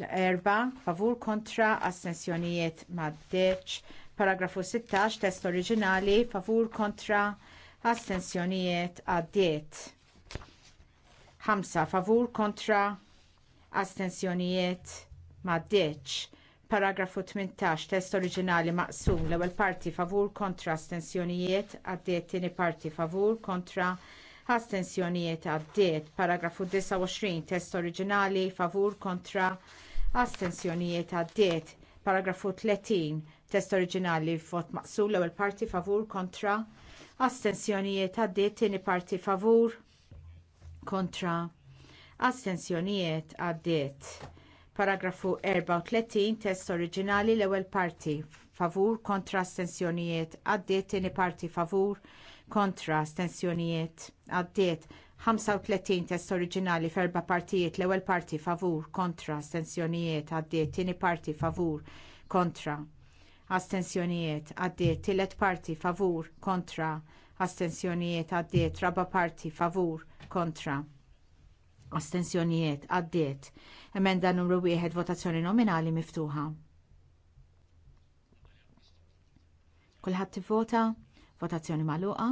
erba favur kontra astensjonijiet deċ Paragrafu 16 test oriġinali favur kontra astensjonijiet għaddiet. 5 favur kontra astensjonijiet maddeċ. Paragrafu 18 test oriġinali maqsum l-ewwel parti favur kontra astensjonijiet għaddiet tieni parti favur kontra astensjonijiet astensjonijiet għaddiet. Paragrafu 29 test oriġinali favur kontra astensjonijiet għaddiet. Paragrafu 30 test oriġinali vot maqsul l-ewwel parti favur kontra astensjonijiet għaddiet tieni parti favur kontra astensjonijiet għaddiet. Paragrafu 34 test oriġinali l-ewwel parti favur kontra astensjonijiet għaddiet tieni parti favur kontra kontra astensjonijiet għaddiet 35 test oriġinali f'erba partijiet l-ewwel parti favur kontra astensjonijiet għaddiet tieni parti favur kontra astensjonijiet għaddiet tielet parti favur kontra astensjonijiet għaddiet raba parti favur kontra astensjonijiet għaddiet emenda numru wieħed votazzjoni nominali miftuħa. Kulħadd tivvota? Votazzjoni maluqa.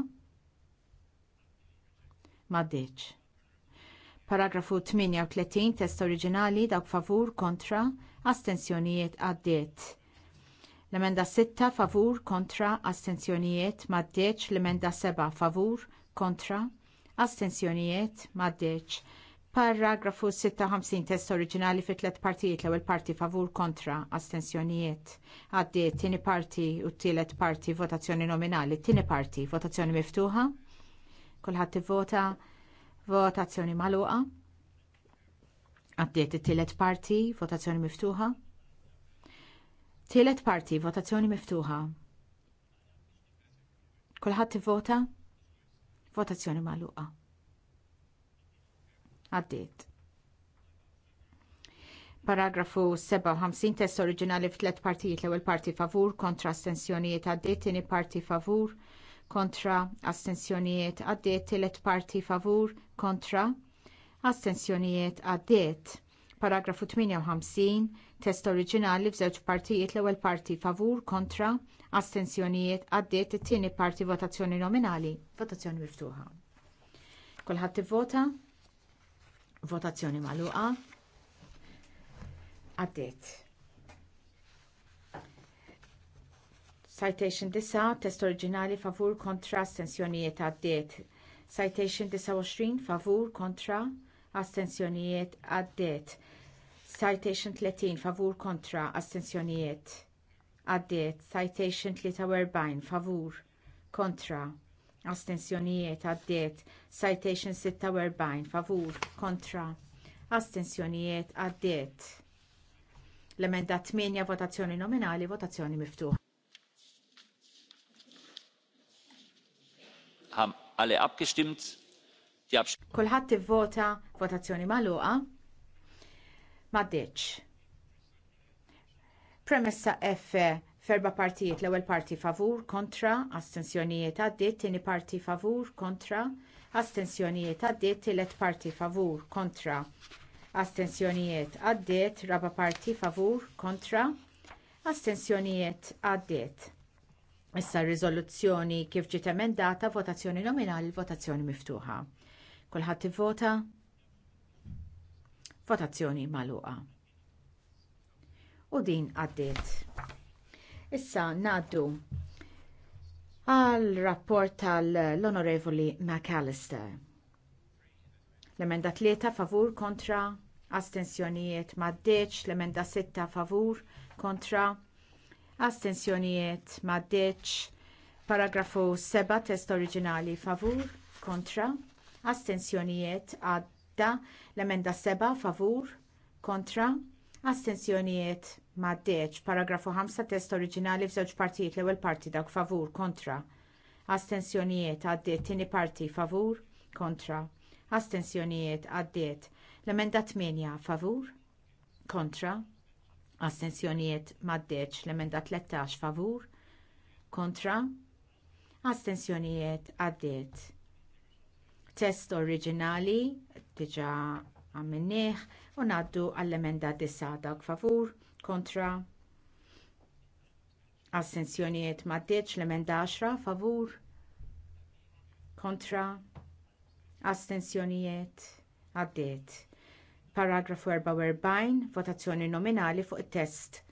Maddeċ. Paragrafu 38, test oriġinali, dawk favur, kontra, astensjonijiet għaddiet. L-emenda 6, favur, kontra, astensjonijiet, maddeċ. L-emenda 7, favur, kontra, astensjonijiet, maddeċ. Paragrafu 56 test oriġinali fit tlet partijiet l-ewwel parti favur kontra astensjonijiet. Għaddi tieni parti u t-tielet parti votazzjoni nominali, tieni parti votazzjoni miftuħa. Kulħadd vota votazzjoni magħluqa. Għaddiet it-tielet parti votazzjoni miftuħa. Tielet parti votazzjoni miftuħa. Kulħadd vota votazzjoni magħluqa Għaddiet. Paragrafu 57 test oriġinali f'tlet partijiet l-ewwel parti favur kontra astensjonijiet għaddiet, tieni parti favur kontra astensjonijiet għaddiet, tielet parti favur kontra astensjonijiet għaddiet. Paragrafu 58 test oriġinali f'żewġ partijiet l-ewwel parti favur kontra astensjonijiet għaddiet it-tieni parti votazzjoni nominali, votazzjoni miftuħa. Kulħadd ivvota? Votazzjoni maluqa. Għaddit. Citation 9, test oriġinali favur kontra astensjonijiet għaddit. Citation 29, favur kontra astensjonijiet għaddit. Citation 30, favur kontra astensjonijiet għaddit. Citation 43, favur kontra astensjonijiet għaddiet citation 46 favur kontra astensjonijiet għaddiet l-emenda 8 votazzjoni nominali votazzjoni miftuħa Ham alle abgestimmt Kulħadd ivvota votazzjoni magħluqa m'għaddietx. Premessa F ferba partijiet l-ewwel parti favur kontra astensjonijiet għaddiet tieni parti favur kontra astensjonijiet għaddiet tielet parti favur kontra astensjonijiet għaddiet raba parti favur kontra astensjonijiet għaddiet Issa r-riżoluzzjoni kif ġiet emendata votazzjoni nominali votazzjoni miftuħa. Kulħadd ivvota? Votazzjoni magħluqa. U din għaddiet. Issa naddu għal rapport tal-Onorevoli McAllister. L-emenda tlieta favur kontra astensjonijiet maddeċ, l-emenda sitta favur kontra astensjonijiet maddeċ, paragrafu 7 test oriġinali favur kontra astensjonijiet għadda, l-emenda 7 favur kontra Astenzjonijiet maddeċ. Paragrafu 5 test oriġinali f'żewġ partijiet l-ewwel parti dawk favur kontra. Astenzjonijiet għaddiet tieni parti favur kontra. Astenzjonijiet għaddiet l-emenda 8 favur kontra. Astenzjonijiet maddeċ l-emenda 13 favur kontra. Astenzjonijiet għaddiet test oriġinali diġa għamminniħ u ngħaddu għall-emenda dissada favur kontra assenzjonijiet maddeċ l-emenda 10 favur kontra astensjonijiet għaddiet. Paragrafu 44 votazzjoni nominali fuq it test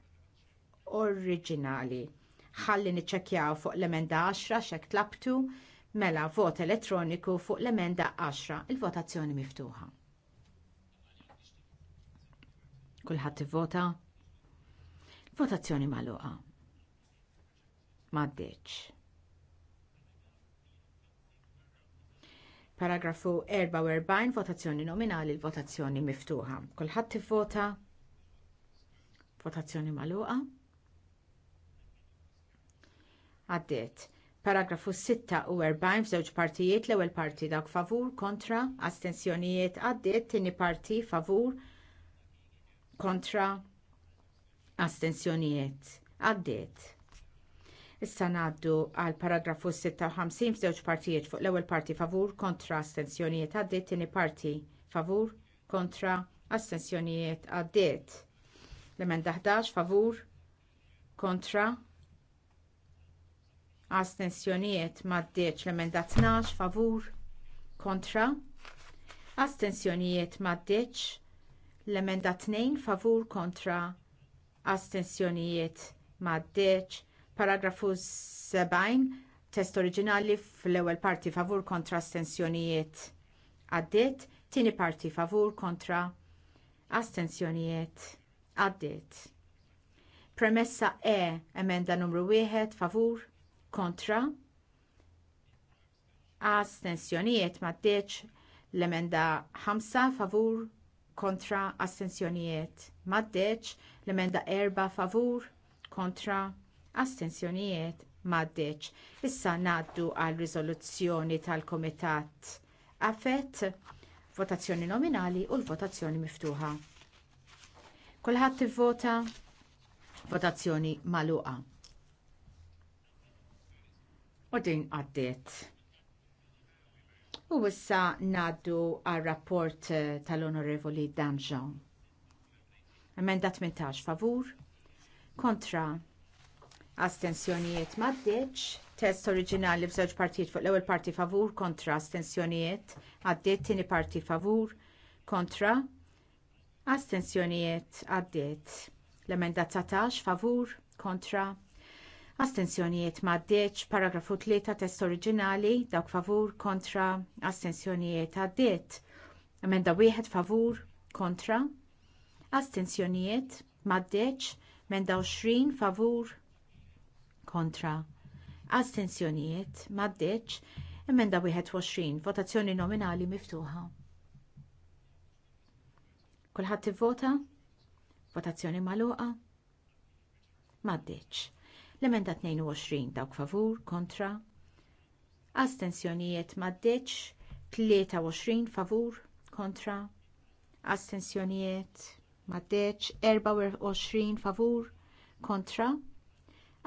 oriġinali. Ħalli niċċekkjaw fuq l-emenda 10 xek tlabtu mela vot elettroniku fuq l-emenda 10 il-votazzjoni miftuħa. Kulħadd vota Votazzjoni Ma M'għaddiċ. Paragrafu 44, votazzjoni nominali, l-votazzjoni miftuħa. Kulħadd tivvota. Votazzjoni magħluqa. Għaddiet. Paragrafu 40 f'żewġ partijiet l-ewwel parti dak favur kontra astensjonijiet għaddiet tieni parti favur kontra astensjonijiet għaddiet. Issa ngħaddu għal paragrafu 56 f'żewġ partijiet fuq l-ewwel parti favur kontra astensjonijiet għaddiet tieni parti favur kontra astensjonijiet għaddiet. L-emenda 11 favur kontra astensjonijiet maddiet l-emenda 12 favur kontra astensjonijiet maddiċ L-emenda 2 favur kontra astensjonijiet maddeċ. Paragrafu 70 test oriġinali fl-ewwel parti favur kontra astensjonijiet għaddiet, tieni parti favur kontra astensjonijiet għaddiet. Premessa E, emenda numru 1, favur kontra astensjonijiet maddeċ l-emenda 5 favur kontra astensjonijiet maddeċ, l-emenda erba favur kontra astensjonijiet maddeċ. Issa ngħaddu għal riżoluzzjoni tal kumitat Afet, votazzjoni nominali u l-votazzjoni miftuħa. Kulħadd tivvota votazzjoni magħluqa. U din għaddiet. U issa naddu għal rapport eh, tal-Onorevoli Danjon. Emenda 18 favur, kontra astensjonijiet maddeċ, test oriġinali f'żewġ partijiet fuq l-ewwel parti favur kontra astensjonijiet, għaddiet tieni parti favur kontra astensjonijiet għaddiet. L-emenda 19 favur kontra Astensjonijiet maddeċ, paragrafu 3 test oriġinali, dawk favur kontra astensjonijiet għaddiet. Emenda wieħed favur kontra. Astensjonijiet maddeċ, emenda 20 favur kontra. Astensjonijiet maddeċ, emenda 21, votazzjoni nominali miftuħa. Kulħadd ivvota? Votazzjoni magħluqa? Maddeċ. L-emenda 22 dawk favur kontra. Astensjonijiet maddeċ 23 favur kontra. Astensjonijiet maddeċ 24 favur kontra.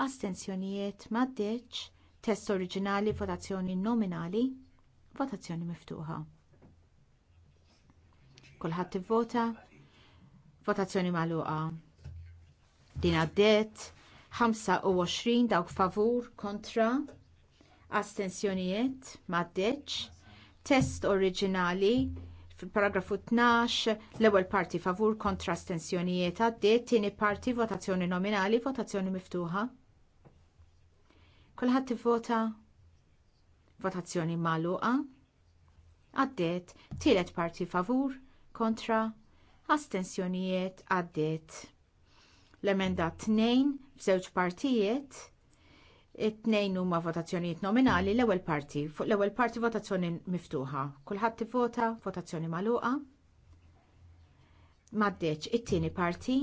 Astensjonijiet maddeċ test oriġinali votazzjoni nominali votazzjoni miftuħa. Kulħadd ivvota votazzjoni magħluqa. Din għaddiet 25 dawk favur kontra astensjonijiet m'għaddeċ test oriġinali paragrafu 12 l-ewwel parti favur kontra astensjonijiet għaddiet, tieni parti votazzjoni nominali, votazzjoni miftuħa. Kulħadd ivvota votazzjoni magħluqa. Għaddiet, tielet parti favur kontra astensjonijiet għaddiet. L-emenda 2 f'żewġ partijiet, it-tnejn huma votazzjonijiet nominali l-ewwel parti. Fuq l-ewwel parti votazzjoni miftuħa. Kulħadd vota votazzjoni magħluqa. Maddeċ it-tieni parti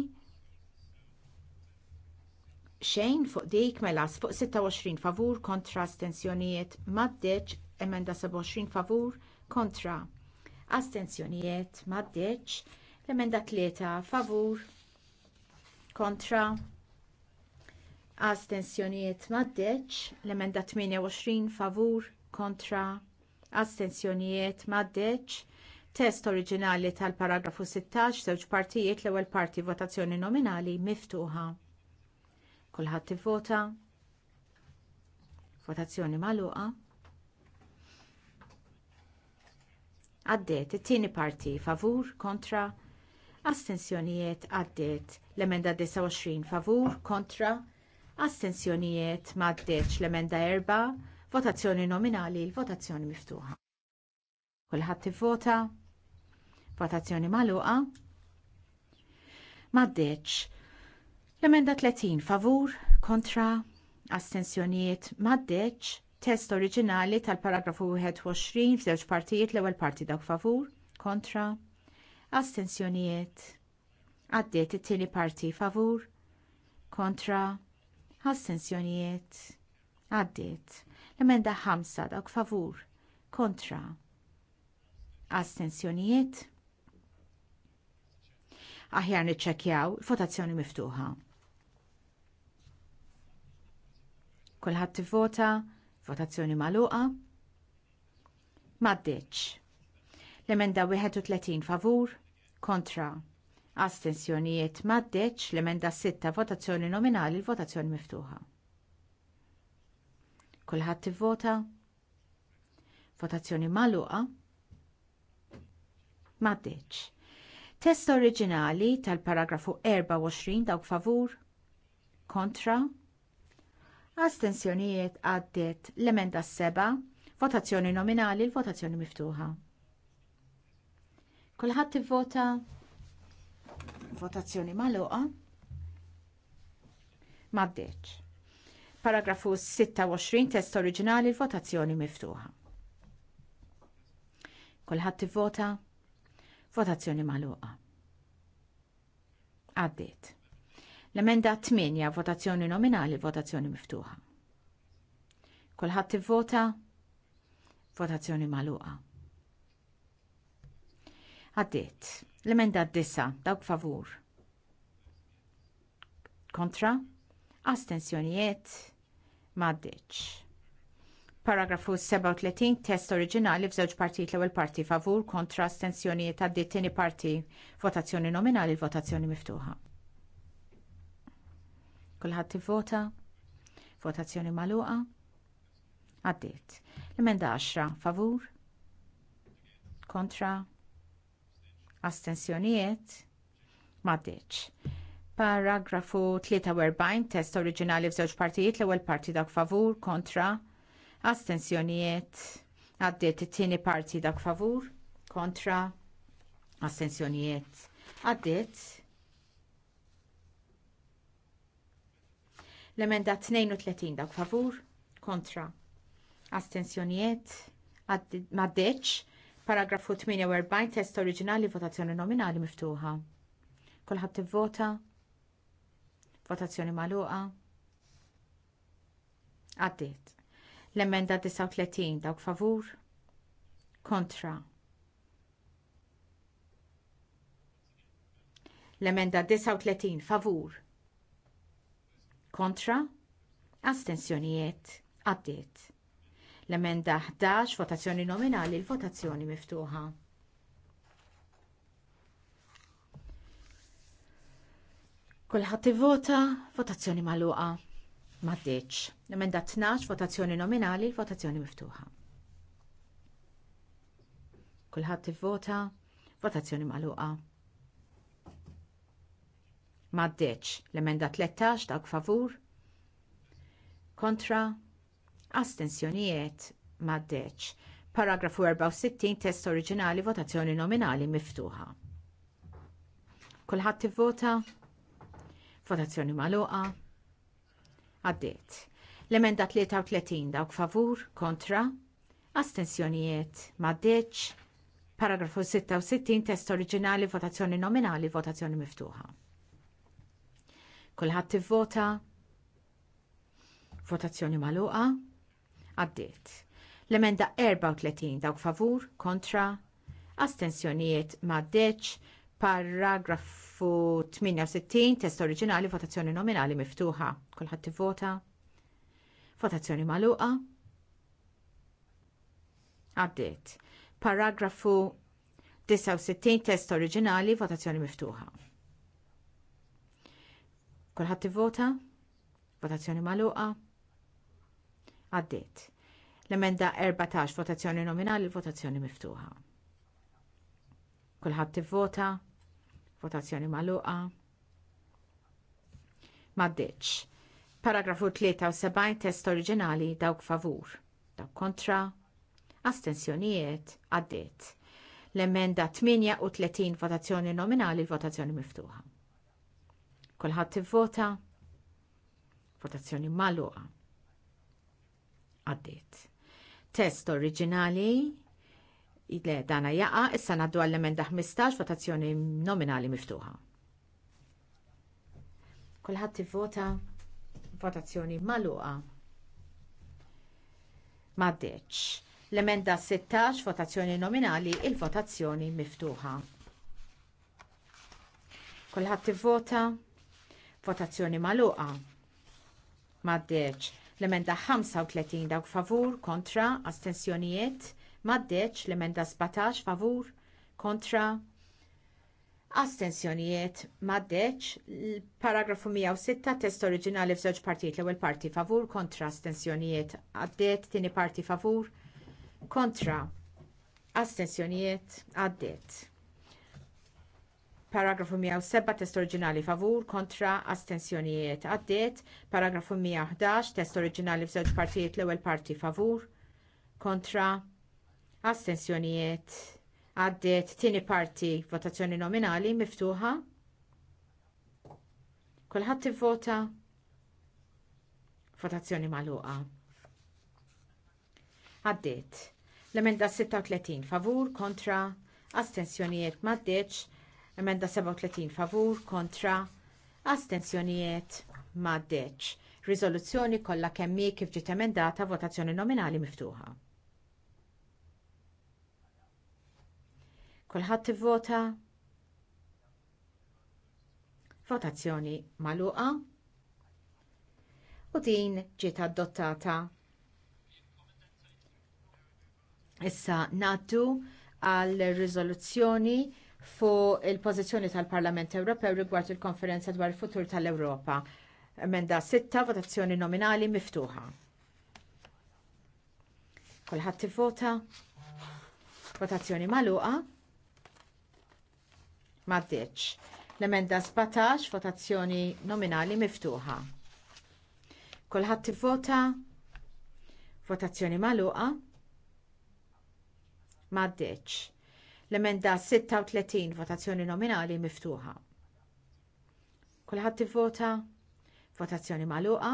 xejn fuq dik mela fuq 26 favur kontra astensjonijiet maddeċ emenda 27 favur kontra astensjonijiet maddeċ l-emenda 3 favur kontra astensjonijiet maddeċ, l-emenda 28 favur kontra astensjonijiet maddeċ, test oriġinali tal-paragrafu 16 żewġ partijiet l-ewwel parti votazzjoni nominali miftuħa. Kulħadd ivvota. Votazzjoni magħluqa. Għaddiet it-tieni parti favur kontra astensjonijiet għaddiet l-emenda 29 favur kontra astensjonijiet m'għaddiex l-emenda 4 votazzjoni nominali votazzjoni miftuħa. Kulħadd ivvota votazzjoni magħluqa m'għaddiex l-emenda 30 favur kontra astensjonijiet m'għaddiex test oriġinali tal-paragrafu 21 f'żewġ partijiet l-ewwel parti dawk favur kontra astensjonijiet. Għaddiet it-tieni parti favur, kontra, astensjonijiet. Għaddiet. L-emenda ħamsa dawk favur, kontra, astensjonijiet. Aħjar niċċekjaw votazzjoni miftuħa. Kulħadd tivvota, votazzjoni magħluqa. Maddeċ. L-emenda 31 favur kontra astensjonijiet maddeċ l-emenda 6 votazzjoni nominali l-votazzjoni miftuħa. Kulħadd tivvota? Votazzjoni magħluqa? Maddeċ. Test oriġinali tal-paragrafu 24 dawk favur? Kontra? Astensjonijiet għaddiet l-emenda 7 votazzjoni nominali l-votazzjoni miftuħa. Kulħadd ivvota votazzjoni magħluqa. M'għaddiex. Paragrafu 26 test oriġinali votazzjoni miftuħa. Kulħadd ivvota votazzjoni magħluqa. Għaddiet. L-emenda 8 votazzjoni nominali votazzjoni miftuħa. Kulħadd ivvota votazzjoni magħluqa. Għaddit. L-emenda d dissa dawk favur. Kontra? Astensjonijiet? Maddiċ. Paragrafu 37, test oriġinali f'żewġ partijiet l-ewwel parti favur kontra astensjonijiet għaddit tieni parti votazzjoni nominali votazzjoni miftuħa. Kulħadd tivvota? Votazzjoni magħluqa? għaddit. L-emenda 10 favur? Kontra? astensjonijiet maddiċ. Paragrafu 43 test oriġinali f'żewġ partijiet l-ewwel parti dak favur kontra astensjonijiet għaddiet it-tieni parti dak favur kontra astensjonijiet għaddiet l-emenda 32 dak favur kontra astensjonijiet maddeċ Paragrafu 48, test oriġinali, votazzjoni nominali miftuħa. Kulħadd tivvota? Votazzjoni magħluqa. Għaddiet. L-emenda 39 dawk favur. Kontra. L-emenda 39 favur. Kontra. Astensjonijiet. Għaddiet L-emenda 11, votazzjoni nominali, l votazzjoni miftuħa. Kulħadd ivvota, votazzjoni magħluqa. Maddeċ. L-emenda 12, votazzjoni nominali, il-votazzjoni miftuħa. Kulħadd ivvota, votazzjoni magħluqa. Maddeċ. L-emenda 13, dawk favur, kontra, astensjonijiet maddeċ. Paragrafu 64 test oriġinali votazzjoni nominali miftuħa. Kulħadd tivvota? Votazzjoni magħluqa? Għaddiet. L-emenda 33 dawk favur, kontra, astensjonijiet maddeċ. Paragrafu 66 test oriġinali votazzjoni nominali votazzjoni miftuħa. Kulħadd tivvota? Votazzjoni magħluqa? għaddiet. L-emenda 34 dawk favur kontra astensjonijiet maddeċ paragrafu 68 test oriġinali votazzjoni nominali miftuħa. Kulħadd tivvota. Votazzjoni magħluqa. Għaddiet. Paragrafu 69 test oriġinali votazzjoni miftuħa. Kulħadd tivvota. Votazzjoni magħluqa. Għaddiet. L-emenda 14 votazzjoni nominali, votazzjoni miftuħa. Kulħadd tivvota, votazzjoni magħluqa. M'għaddietx. Paragrafu 73 test oriġinali dawk favur, dawk kontra, astensjonijiet għaddiet. L-emenda 38 votazzjoni nominali, votazzjoni miftuħa. Kulħadd tivvota, votazzjoni magħluqa għaddit. Test oriġinali le dana jaqa issa naddu għall-emenda 15 votazzjoni nominali miftuħa. Kulħadd vota votazzjoni magħluqa. Maddeċ. L-emenda 16 votazzjoni nominali il-votazzjoni miftuħa. Kulħadd vota votazzjoni magħluqa. Maddeċ. L-emenda 35 dawk favur kontra astensjonijiet maddeċ l-emenda 17 favur kontra astensjonijiet maddeċ l-paragrafu 106 test oriġinali f'żewġ partijiet l-ewwel parti favur kontra astensjonijiet għaddiet tieni parti favur kontra astensjonijiet għaddiet. Paragrafu 107 test oriġinali favur kontra astensjonijiet għaddiet. Paragrafu 111 test oriġinali f'żewġ partijiet l-ewwel parti favur kontra astensjonijiet għaddiet. Tieni parti votazzjoni nominali miftuħa. Kulħadd vota votazzjoni magħluqa. Għaddiet. L-emenda 36 favur kontra astensjonijiet maddeċ Emenda 37 favur kontra astenzjonijiet maddeċ. Riżoluzzjoni kollha kemmi kif ġiet emendata votazzjoni nominali miftuħa. Kulħadd tivvota? Votazzjoni magħluqa. U din ġiet adottata. Issa ngħaddu għal riżoluzzjoni fuq il-pożizzjoni tal-Parlament Ewropew rigward il-konferenza dwar il-futur tal-Ewropa. Emenda sitta, votazzjoni nominali miftuħa. Kulħadd tivvota. Votazzjoni magħluqa. M'għaddiċ. L-emenda 17, votazzjoni nominali miftuħa. Kulħadd tivvota. Votazzjoni magħluqa. M'għaddiċ L-emenda 36 votazzjoni nominali miftuħa. Kulħadd tivvota? Votazzjoni magħluqa?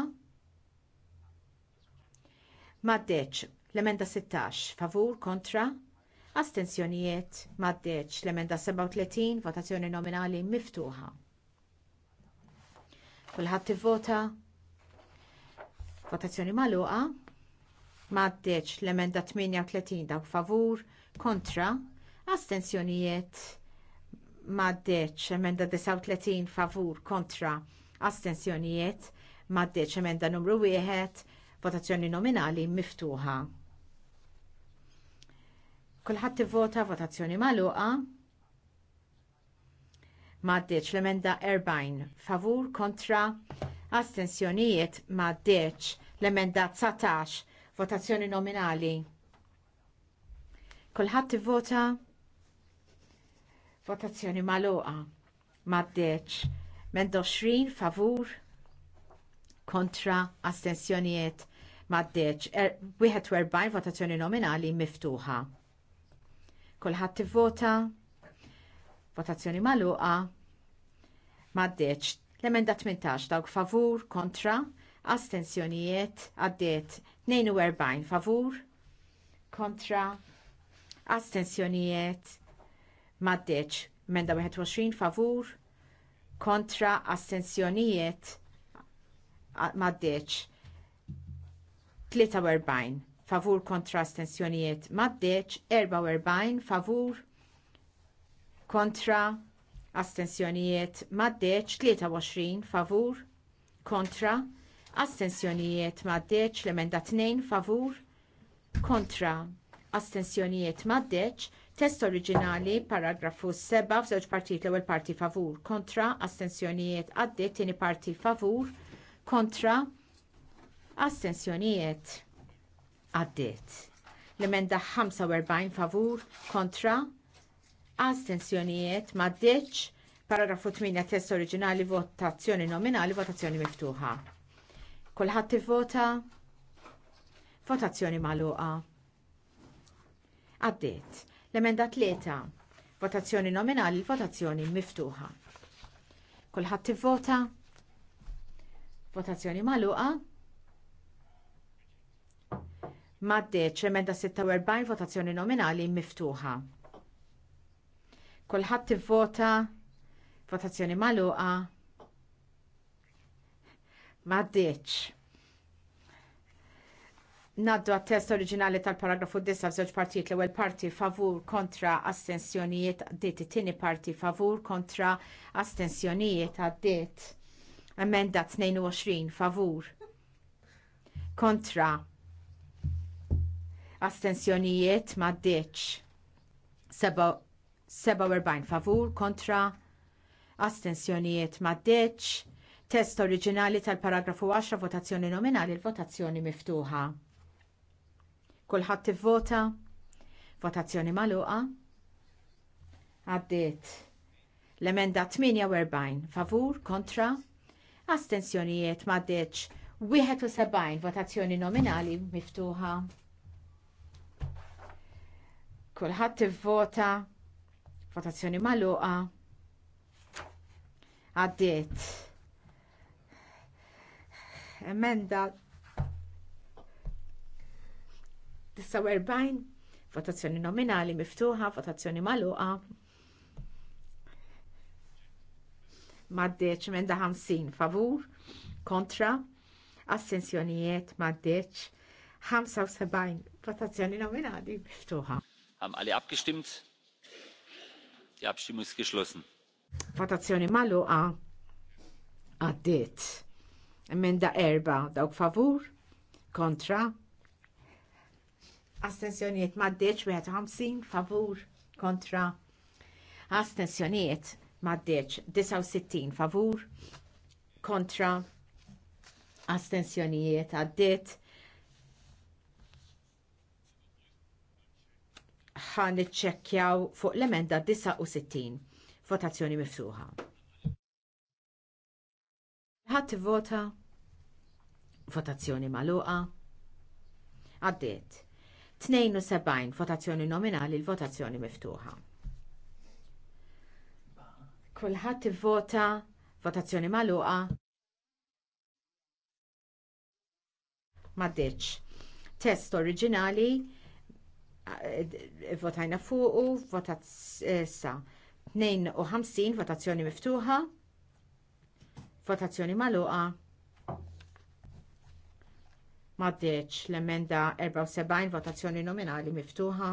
Maddeċ, l-emenda 16, favur, kontra? Astenzjonijiet, maddeċ, l-emenda 37, votazzjoni nominali miftuħa. Kulħadd tivvota? Votazzjoni magħluqa? Maddeċ, l-emenda 38 dawk favur, kontra? astensjonijiet maddeċ emenda 39 favur kontra astensjonijiet maddeċ emenda numru 1 votazzjoni nominali miftuħa. Kulħadd ivvota votazzjoni magħluqa maddeċ l-emenda 40 favur kontra astensjonijiet maddeċ l-emenda 19 votazzjoni nominali. Kulħadd ivvota Votazzjoni maluqa. Maddeċ. Mendo doxrin favur kontra astensjonijiet maddeċ. Er, 41 votazzjoni nominali miftuħa. Kulħadd tivvota. Votazzjoni maluqa. Maddeċ. L-emenda 18 dawk favur kontra astensjonijiet għaddiet 42 favur kontra astensjonijiet maddeċ. Menda 21 favur kontra astensjonijiet maddeċ. 43 favur kontra astensjonijiet maddeċ, 44 favur kontra astensjonijiet maddeċ, 23 favur kontra astensjonijiet maddeċ, l-emenda 2 favur kontra astensjonijiet maddeċ, Test oriġinali, paragrafu 7, f'żewġ partijiet l-ewwel parti favur kontra, astensjonijiet għaddiet, tieni parti favur kontra, astensjonijiet għaddiet. L-emenda 45 favur kontra, astensjonijiet maddeċ, paragrafu 8 test oriġinali votazzjoni nominali, votazzjoni miftuħa. Kulħadd vota Votazzjoni magħluqa. Għaddiet. L-emenda tlieta. Votazzjoni nominali, votazzjoni miftuħa. Kulħadd tivvota? Votazzjoni magħluqa? Maddeċ, emenda 46, votazzjoni nominali miftuħa. Kulħadd tivvota? Votazzjoni magħluqa? Maddeċ. Naddu għat-test oriġinali tal-paragrafu 9 f'żewġ partijiet l-ewwel parti favur kontra astensjonijiet għaddiet it-tieni parti favur kontra astensjonijiet għaddiet. Emenda 22 favur kontra astensjonijiet m'għaddiex. 47 favur kontra astensjonijiet m'għaddiex. Test oriġinali tal-paragrafu 10 votazzjoni nominali l-votazzjoni miftuħa. Kulħadd tivvota. Votazzjoni magħluqa. għaddit L-emenda 48 favur kontra. Astensjonijiet m'għaddiex. 71 votazzjoni nominali miftuħa. Kulħadd tivvota. Votazzjoni magħluqa. Għaddiet emenda 49 votazzjoni nominali miftuħa, votazzjoni maluqa, Maddeċ menda 50 favur, kontra, assenzjonijiet maddeċ 75 votazzjoni nominali miftuħa. Ham alle abgestimmt? Die Abstimmung ist geschlossen. Votazzjoni maluqa, għaddiet. Emenda erba' dawk favur, kontra, astensjoniet maddeċ 51 favur kontra astensjoniet maddeċ 69 favur kontra astensjonijiet għaddiet ħan iċċekkjaw fuq l-emenda 69 votazzjoni miftuħa. Ħadd vota votazzjoni magħluqa għaddiet. 72 votazzjoni nominali l-votazzjoni miftuħa. Kulħadd ivvota votazzjoni magħluqa. Maddiċ. Test oriġinali eh, votajna fuqu, votazza eh, 52 votazzjoni miftuħa, votazzjoni magħluqa. Maddeċ l-emenda 74 votazzjoni nominali miftuħa.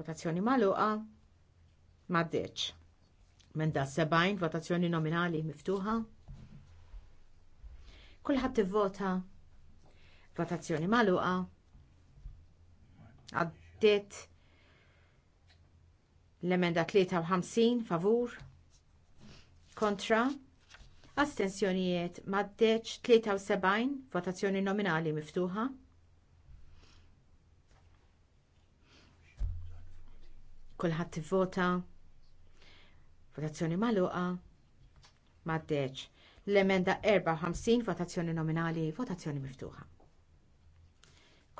Votazzjoni maluqa. Maddeċ. Menda 70 votazzjoni nominali miftuħa. Kulħadd ivvota. Votazzjoni maluqa. Għaddiet l-emenda 53 favur kontra Astensjonijiet maddeċ 73 votazzjoni nominali miftuħa. Kulħadd tivvota. Votazzjoni magħluqa. Maddeċ. L-emenda 54 votazzjoni nominali, votazzjoni miftuħa.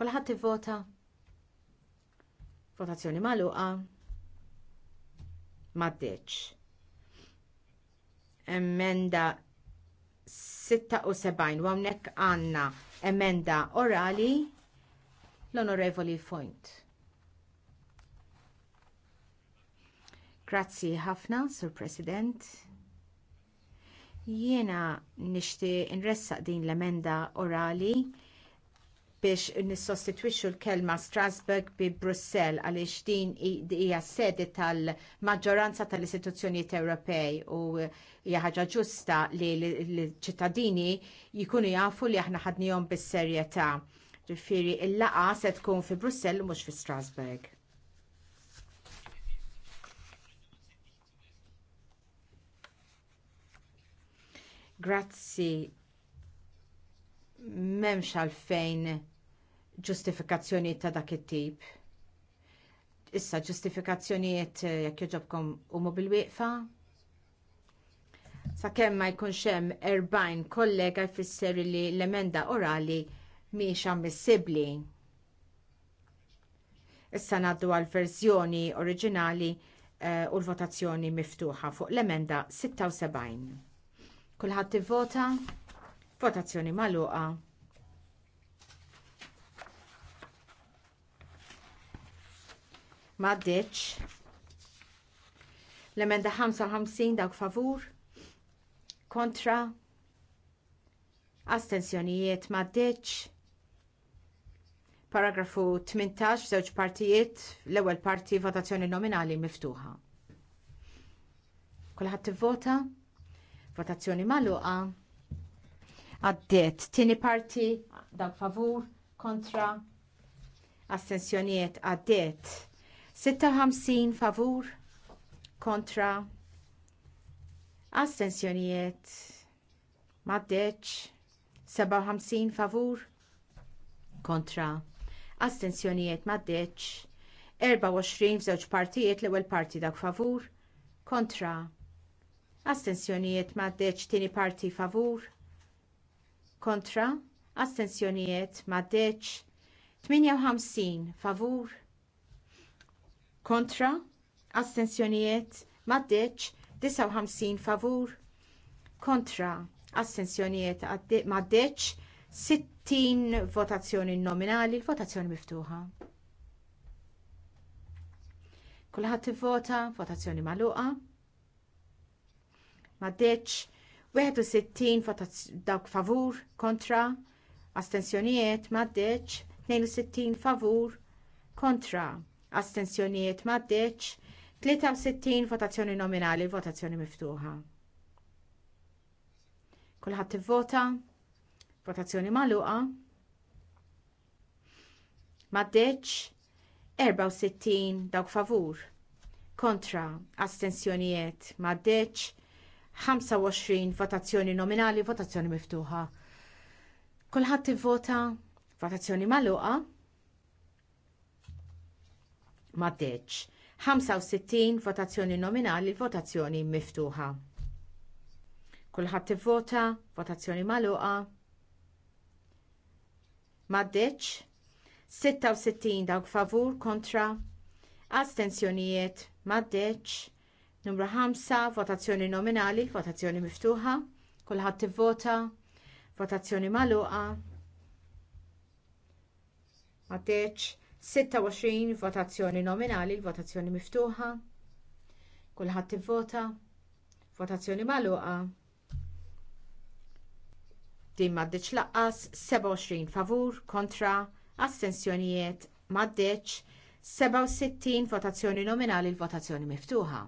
Kulħadd tivvota. Votazzjoni magħluqa. Maddeċ emenda 76 u hawnhekk għandna emenda orali l-Onorevoli Font. Grazzi ħafna, Sur President. Jiena nixtieq nressaq din l-emenda orali biex nissostitwixxu l-kelma Strasbourg bi Brussell għaliex din hija sedi tal-maġġoranza tal-istituzzjonijiet Ewropej u hija ħaġa ġusta li l-ċittadini jkunu jafu li aħna ħadnihom bis-serjetà. Ġifieri l laqgħa se tkun fi Brussell u mhux fi Strasbourg. Grazzi memx għalfejn ġustifikazzjonijiet ta' dak it-tip. Issa ġustifikazzjonijiet eh, jekk joġobkom huma bil-wieqfa. Sakemm ma jkunx hemm erbajn kollega jfisser li l-emenda orali mhix ammissibbli. Issa ngħaddu għall verżjoni oriġinali eh, u l-votazzjoni miftuħa fuq l-emenda 76. Kulħadd ivvota? Votazzjoni magħluqa. Maddeċ. L-emenda 55 dawk favur. Kontra. Astenzjonijiet maddeċ. Paragrafu 18, żewġ partijiet, l-ewwel parti votazzjoni nominali miftuħa. Kulħadd tivvota? Votazzjoni magħluqa. Għaddiet. Tieni parti dawk favur, kontra, astensjonijiet għaddiet. 56 favur kontra astensjonijiet maddeċ 57 favur kontra astensjonijiet maddeċ 24 f'żewġ partijiet l-ewwel parti dak favur kontra astensjonijiet maddeċ tieni parti favur kontra astensjonijiet maddeċ 58 favur kontra, astensjonijiet maddeċ, 59 favur, kontra, astensjonijiet maddeċ, 60 votazzjoni nominali, votazzjoni miftuħa. Kulħadd ivvota, votazzjoni magħluqa. Maddeċ, 61 dawk favur, kontra, astensjonijiet maddeċ, 62 favur, kontra, astensjonijiet maddeċ, 63 votazzjoni nominali, votazzjoni miftuħa. Kulħadd tivvota, votazzjoni magħluqa. Maddeċ, 64 dawk favur, kontra astensjonijiet maddeċ, 25 votazzjoni nominali, votazzjoni miftuħa. Kulħadd tivvota, votazzjoni magħluqa ma deċ. 65 votazzjoni nominali, votazzjoni miftuħa. Kulħadd ivvota, votazzjoni magħluqa. Ma deċ. 66 dawk favur kontra. Astenzjonijiet ma Numru 5, votazzjoni nominali, votazzjoni miftuħa, kulħadd tivvota, votazzjoni magħluqa. Għaddeċ, 26 votazzjoni nominali, votazzjoni miftuħa. Kulħadd ivvota. Votazzjoni magħluqa. Din m'għaddiċ laqqas 27 favur kontra astensjonijiet m'għaddiċ 67 votazzjoni nominali, votazzjoni miftuħa.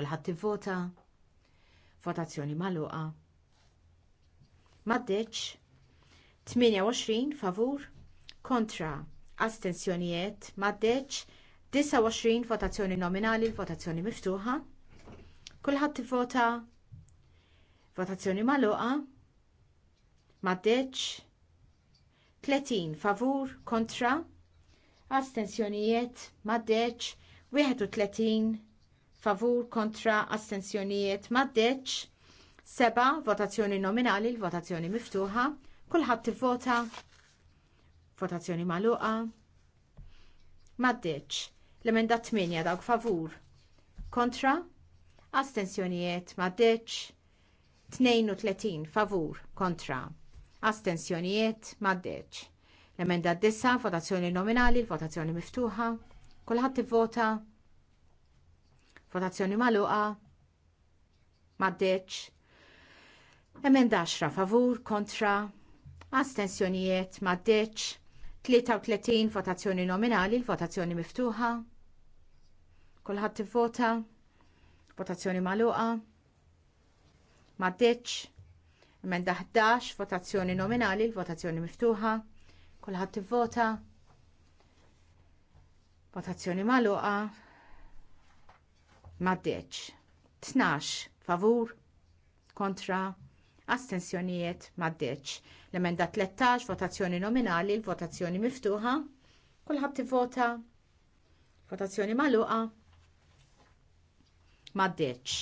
Kulħadd ivvota. Votazzjoni magħluqa. M'għaddiċ 28 favur kontra astensjonijiet maddeċ 29 votazzjoni nominali votazzjoni miftuħa kulħadd tivvota votazzjoni magħluqa maddeċ 30 favur kontra astensjonijiet maddeċ 31 favur kontra astensjonijiet maddeċ 7 votazzjoni nominali l-votazzjoni miftuħa kulħadd tivvota Votazzjoni maluqa. Maddeċ. L-emenda 8 dawk favur. Kontra. Astensjonijiet maddeċ. 32 favur. Kontra. Astensjonijiet maddeċ. L-emenda 9 votazzjoni nominali, votazzjoni miftuħa. Kulħadd vota Votazzjoni maluqa. Maddeċ. Emenda 10 favur. Kontra. Astensjonijiet maddeċ. 33 votazzjoni nominali, l-votazzjoni miftuħa. Kulħadd tivvota. Votazzjoni magħluqa. Maddeċ. Emenda 11, votazzjoni nominali, l-votazzjoni miftuħa. Kulħadd tivvota. Votazzjoni magħluqa. Maddeċ. 12 favur kontra astensjonijiet maddeċ. L-emenda 13, votazzjoni nominali, l-votazzjoni miftuħa, kulħadd tivvota, votazzjoni maluqa, maddeċ.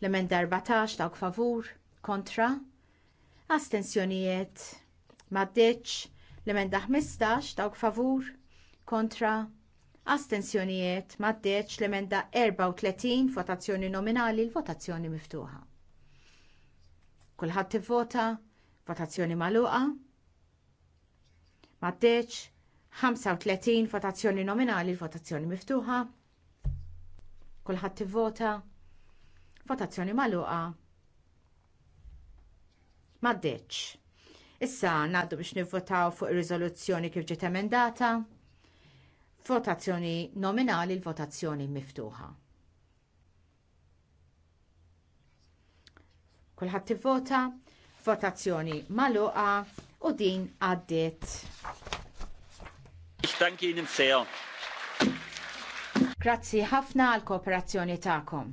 L-emenda 14, dawk favur, kontra, astensjonijiet maddeċ. L-emenda 15, dawk favur, kontra, astensjonijiet maddeċ. L-emenda 34, votazzjoni nominali, l-votazzjoni miftuħa. Kulħadd tivvota, votazzjoni magħluqa. Maddeċ, 35 votazzjoni nominali, votazzjoni miftuħa. Kulħadd tivvota, votazzjoni magħluqa. Maddeċ. Issa ngħaddu biex nivvotaw fuq ir-riżoluzzjoni kif ġiet emendata. Votazzjoni nominali, l-votazzjoni miftuħa. Kulħadd ivvota, votazzjoni magħluqa u din għaddiet. Grazzi ħafna għall kooperazzjoni tagħkom.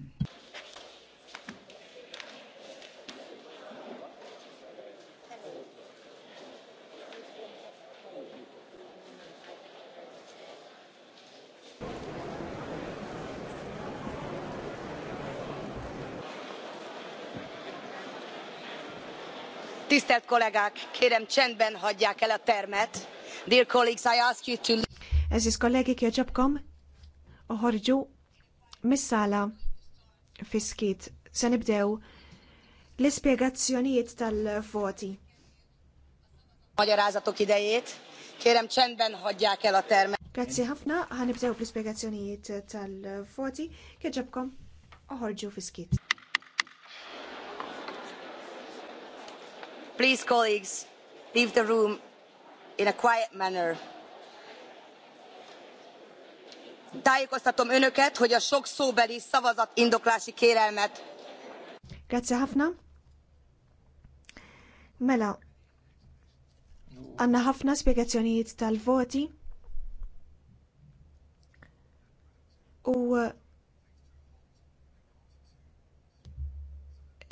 Tisztelt kollégák, kérem csendben hagyják el a termet. Dear colleagues, I ask you to... Eżis kollegi kjoġobkom, uħorġu mis-sala fiskit se nibdew l-ispiegazzjonijiet tal-voti. Magyarázatok idejét, kérem csendben hagyják el a termet. Grazie ħafna, ħanibdew l-ispiegazzjonijiet tal-voti, kieġobkom oħorġu fiskit. Please, colleagues, leave the room in a quiet manner. Tájékoztatom önöket, hogy a sok szóbeli szavazat indoklási kérelmet. Grazie Hafna. Mela, għanna ħafna spiegazzjonijiet tal-voti u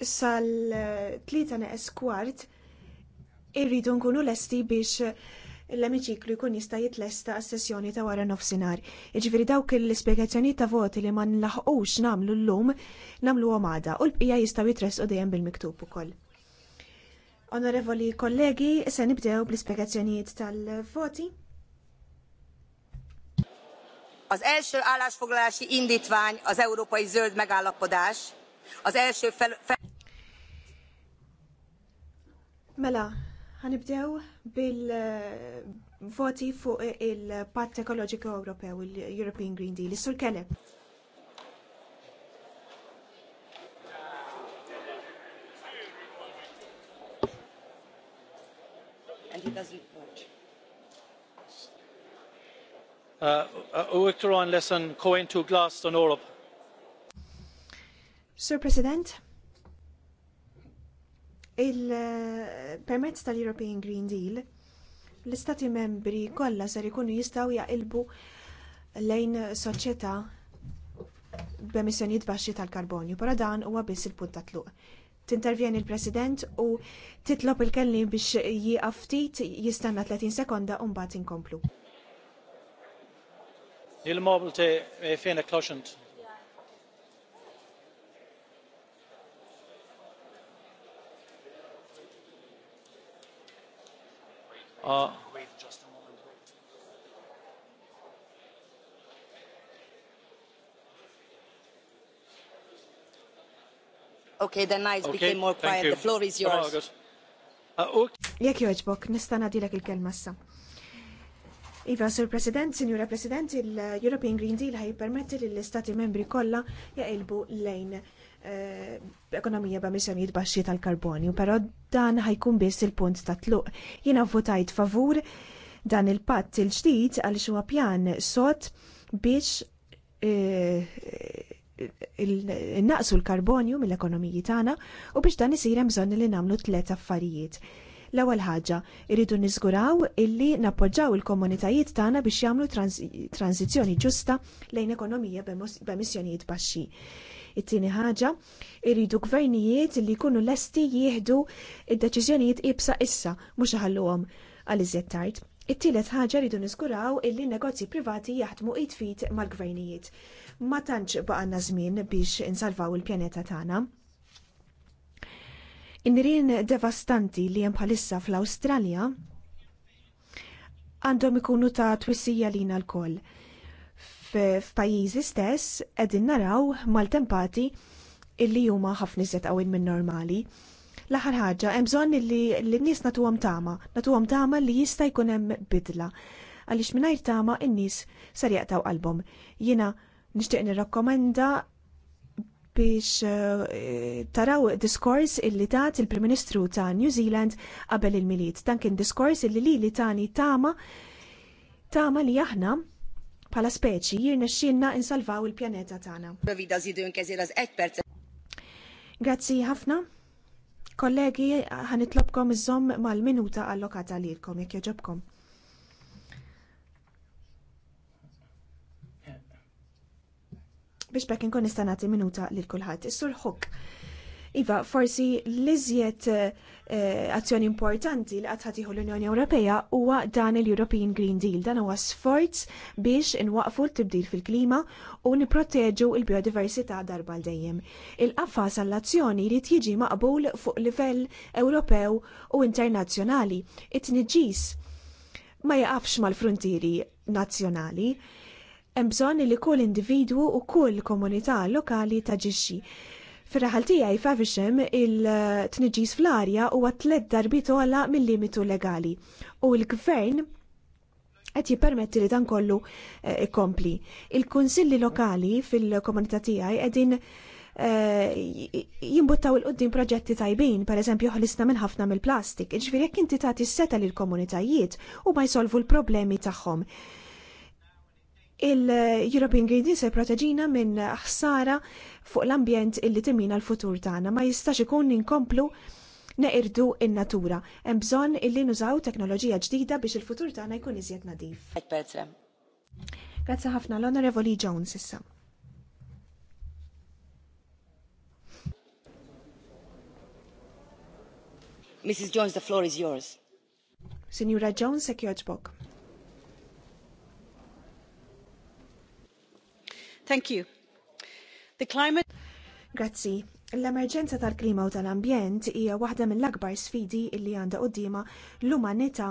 sal-3 neqes kwart irridu nkunu lesti biex l-emiċiklu jkun jista' jitlesta għas-sessjoni ta' wara nofsinhar. Jiġifieri dawk l-ispjegazzjoni ta' voti li ma nlaħqux nagħmlu llum nagħmlu għada u l-bqija jistgħu jitresqu dejjem bil-miktub ukoll. Onorevoli kollegi, se nibdew bl-ispjegazzjonijiet tal-voti. Az első állásfoglalási indítvány az európai zöld megállapodás. Az első fel... fel... Mela, Ħanibdew bil-voti fuq il-Patt Ekoloġiku Ewropew, il-European Green Deal, is-Sur Keleb. Uh, uh, doesn't vote. U lesson going to glass on Europe. Sir President, Il-permezz tal-European Green Deal l-istati membri kollha ser ikunu jistgħu jaqilbu lejn soċjetà b'emissjonijiet baxxi tal-karbonju, però dan huwa biss il putta tluq. Tintervjeni il-President u titlob il-kelli biex jieqaf ftit jistanna 30 sekonda u mbagħad inkomplu. il te fejn ekloxent Uh, okay, then I okay, became more quiet. The floor is yours. Uh, Jekk joġbok, nistana nadilek il-kelma issa. Iva, Sur President, Sinjura President, il-European Green Deal permetti li l-Istati membri kollha jaqilbu lejn eh, ekonomija b'emissjonijiet baxxi tal-karbonju, però dan ħajkun biss il-punt ta' tluq. Jiena votajt favur dan il-patt il-ġdid għal huwa pjan sot biex eh, naqsu l-karbonju mill-ekonomiji tagħna u biex dan isir hemm bżonn li nagħmlu tliet affarijiet. L-ewwel ħaġa, irridu niżguraw illi nappoġġaw il-komunitajiet tagħna biex jagħmlu tranzizzjoni ġusta lejn ekonomija b'emissjonijiet baxxi. It-tieni ħaġa, irridu gvernijiet li jkunu lesti jieħdu id-deċiżjonijiet ibsa issa mhux iħalluhom għal iżjed tard. It-tielet ħaġa rridu niżguraw illi negozji privati jaħdmu id-fit mal-gvernijiet. Ma tantx baqanna żmien biex insalvaw il-pjaneta tagħna Inrien devastanti li hemm bħalissa fl-Awstralja għandhom ikunu ta' twissija lina l-koll. F'pajjiżi stess qegħdin naraw maltempati illi huma ħafna iżjed minn normali. L-aħħar ħaġa hemm bżonn li l-nies nagħtuhom tama, nagħtuhom tama li jista' jkun hemm bidla. Għaliex mingħajr tama n-nies ser jaqtaw qalbhom. Jiena nixtieq nirrakkomenda biex eh, taraw diskors illi tat il-Prim Ministru ta' New Zealand qabel il-miliet. Dan kien diskors illi li li tani tama tama li aħna bħala speċi jirnexxinna insalvaw il-pjaneta tagħna. Grazzi ħafna. Kollegi, ħanitlobkom iżomm mal-minuta allokata lilkom jekk joġobkom. biex bekk inkun nista' nagħti minuta lil kulħadd. Is-sur Hook. Iva, forsi l-iżjed eh, azzjoni importanti li qatt l-Unjoni Ewropea huwa dan il-European Green Deal. Dan huwa sforz biex inwaqfu l-tibdil fil-klima u niprotteġu l-biodiversità darba l-dejjem. il qafas għall-azzjoni li tiġi maqbul fuq livell Ewropew u internazzjonali. it tniġis ma jaqafx mal-frontieri nazzjonali Hemm bżonn li kull individwu u kull komunità lokali taġixxi. Fir-raħal tiegħi favixem il-tniġis fl-arja huwa tliet darbit ola mill-limitu legali u l-gvern qed jippermetti li dan kollu eh, ikompli. Il-kunsilli lokali fil-komunità tiegħi qegħdin eh, jimbuttaw il-qoddim proġetti tajbin, per eżempju ħlisna minn ħafna mill-plastik, ġviri jekk inti tagħti seta lill komunitajiet u ma jsolvu l-problemi tagħhom il-European Green Deal se proteġina minn ħsara fuq l-ambjent illi timina l-futur tagħna. Ma jistax ikun inkomplu neqirdu in-natura. Hemm bżonn illi nużaw teknoloġija ġdida biex il-futur tagħna jkun iżjed nadif. Grazie ħafna l-Onorevoli Jones issa. Mrs. Jones, the floor is yours. Signora Jones, se Book. Thank you. The climate Grazzi. L-emerġenza tal-klima u tal-ambjent hija waħda mill-akbar sfidi li għandha qudiema l-umanità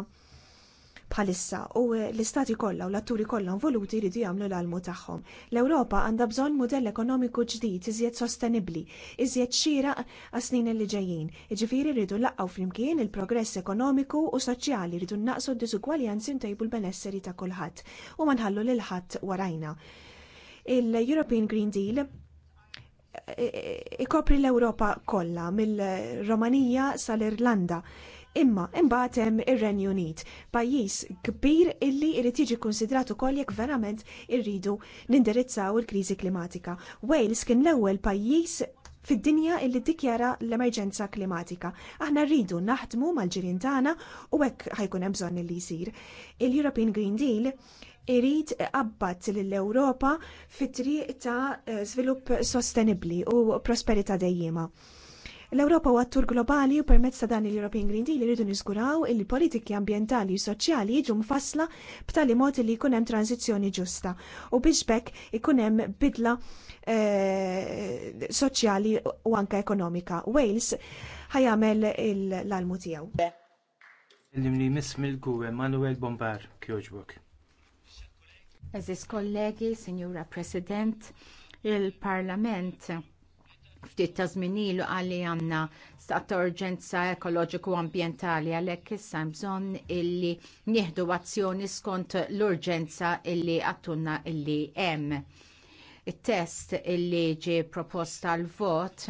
bħalissa u l-istati kollha u l-atturi kollha voluti jridu jagħmlu l-almu tagħhom. L-Ewropa għandha bżonn mudell ekonomiku ġdid iżjed sostenibbli, iżjed xira għas-snin li ġejjin. Jiġifieri rridu laqgħu flimkien il-progress ekonomiku u soċjali rridu naqsu d-diżugwaljanzi ntejbu l-benesseri ta' kulħadd u ma nħallu lil ħadd warajna. Il-European Green Deal e- e- ikopri l-Ewropa kollha mill-Romanija sal-Irlanda. Imma imbagħad hemm ir-Renju Unit, pajjiż kbir illi jrid jiġi kkunsidrat ukoll jekk verament irridu nindirizzaw il-kriżi klimatika. Wales kien l-ewwel pajjiż fid-dinja illi ddikjara l-emerġenza klimatika. Aħna rridu naħdmu mal-ġirien tagħna u hekk ħajkun hemm bżonn li jsir. Il-European Green Deal irid qabbat lill-Ewropa fit-triq ta' żvilupp eh, sostenibbli u prosperità dejjima. L-Ewropa huwa attur globali u permezz ta' dan il-European Green Deal iridu niżguraw il politiki ambjentali u soċjali jiġu mfassla b'tali mod li jkun hemm tranzizzjoni ġusta u biex bekk ikun hemm bidla eh, soċjali u anke ekonomika. Wales ħajamel l-almu tiegħu. Kellimni mis mill-gwe Manuel Bombar Kjoġbok. Eżis kollegi, Signora President, il-Parlament ftit ta' ilu għalli għandna stat urġenza ekoloġiku ambjentali għalhekk issa bżonn illi nieħdu azzjoni skont l-urġenza illi għattunna illi hemm. It-test illi ġie proposta l-vot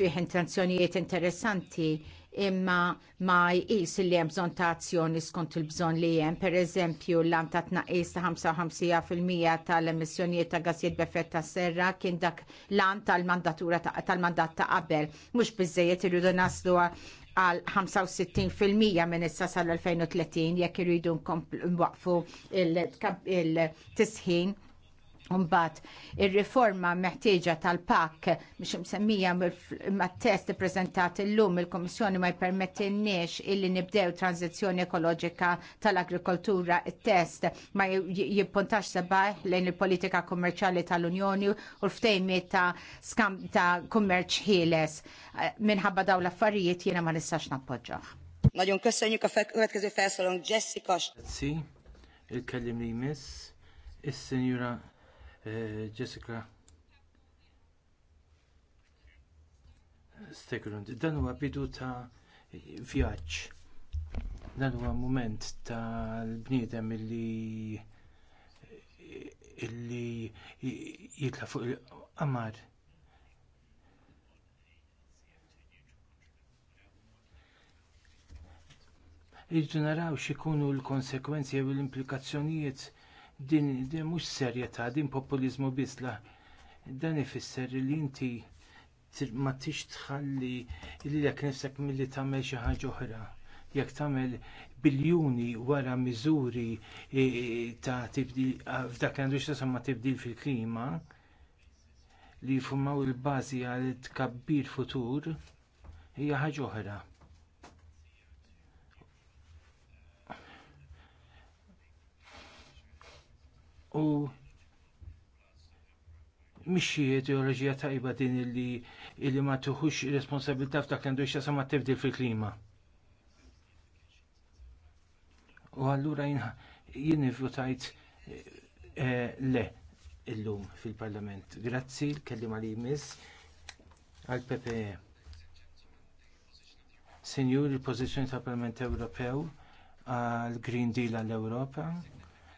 fih intenzjonijiet interessanti imma ma jqis li hemm bżonn ta' azzjoni skont il-bżonn li hemm. Pereżempju l-lam ta' tnaqis ta' 55% tal-emissjonijiet ta' gassijiet b'effett ta' serra kien dak l-an tal-mandatura tal-mandat ta' qabel. Mhux biżejjed irridu naslu għal 65% minn issa sal-2030 jekk irridu nwaqfu il-tisħin. il tisħin Umbat, il-riforma meħtieġa tal-PAK biex msemmija mat-test prezentat illum il-Komissjoni ma jpermettinniex illi nibdew tranzizjoni ekoloġika tal-agrikoltura. Il-test ma jippuntax sabaj lejn il-politika kummerċali tal-Unjoni u l-ftejmi ta' skam ta' kummerċ ħieles. Minħabba daw l-affarijiet jiena ma nistax nappoġġa. Nagyon köszönjük a következő felszólalónk Jessica. Sì, Il-kellim li jmiss il-senjura Eh, Jessica Stegrund. Dan huwa bidu ta' vjaġġ. Dan huwa mument tal-bniedem illi illi jitla fuq il-qamar. Irridu naraw x'ikunu l-konsekwenzi u l-implikazzjonijiet Din, din mhux serjetà, din populiżmu biss la dan ifisser li inti ma tix tħalli li nifsek milli tagħmel xi ħaġa oħra. Jekk tagħmel biljuni wara miżuri e, e, ta' tibdil f'dak li għandux ma' tibdil fil-klima li jfumaw il-bażi għal tkabbir futur hija ħaġa oħra. u mixi ideoloġija tajba din illi illi ma tuħux responsabilità f'dak li għandu jxasa ma tibdil fil-klima. U għallura jien votajt eh, le illum fil-Parlament. Grazzi l-kellim għal jmiss għal PPE. Senjur il-pozizjoni tal-Parlament Ewropew għal Green Deal għall-Ewropa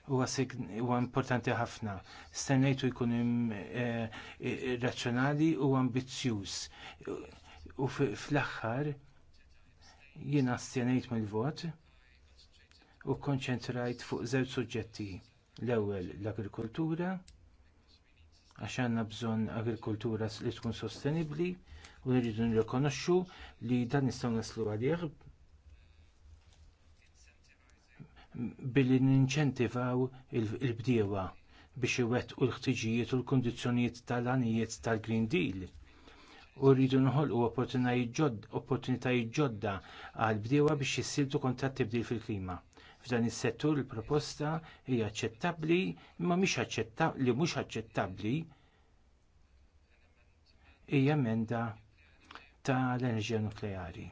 huwa importanti ħafna. Stennejtu jkun eh, eh, razzjonali u ambizzjuż. U fl-aħħar jiena stennejt mill-vot u konċentrajt fuq żewġ suġġetti. L-ewwel l-agrikoltura għax għandna bżonn agrikoltura li tkun sostenibbli u nirridu nirrikonoxxu li dan nistgħu naslu għalih billi ninċentivaw il-bdiewa biex iwettqu l-ħtiġijiet u l kundizzjonijiet tal-għanijiet tal-Green Deal. U rridu u opportunitajiet ġodda għal bdiewa biex jissiltu kontrat tibdil fil-klima. F'dan is-settur il-proposta hija aċċettabbli imma mhix li mhux aċċettabbli hija emenda tal-enerġija nukleari.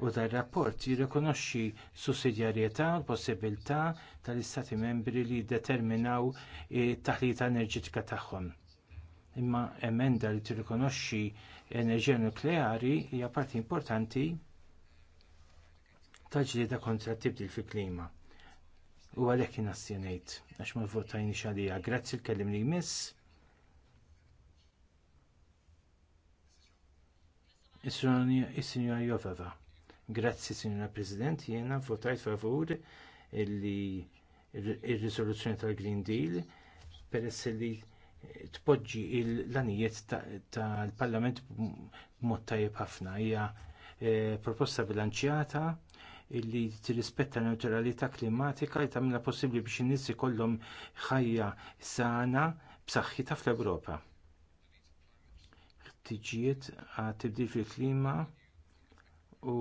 U dar rapport jirrikonoxxi sussidjarjetà u l-possibilità tal-Istati membri li jiddeterminaw it-taħlita eh, enerġetika tagħhom. Imma emenda li tirrikonoxxi enerġija nukleari hija parti importanti tal-ġlieda kontra tibdil fil-klima. U għalhekk inassjonejt għax ma votajniex għalija. Grazzi l-kellim li jmiss. Is-sinjora Joveva. Grazzi, Signora President, jena votajt favur il-risoluzzjoni tal-Green Deal peress li tpoġġi l-anijiet tal-Parlament b'mod tajjeb ħafna. Hija eh, proposta bilanċjata illi tirrispetta neutralità klimatika li tagħmilha possibbli biex in-nies ikollhom ħajja sana b'saħħitha fl-Ewropa. Tiġiet għat tibdil fil-klima u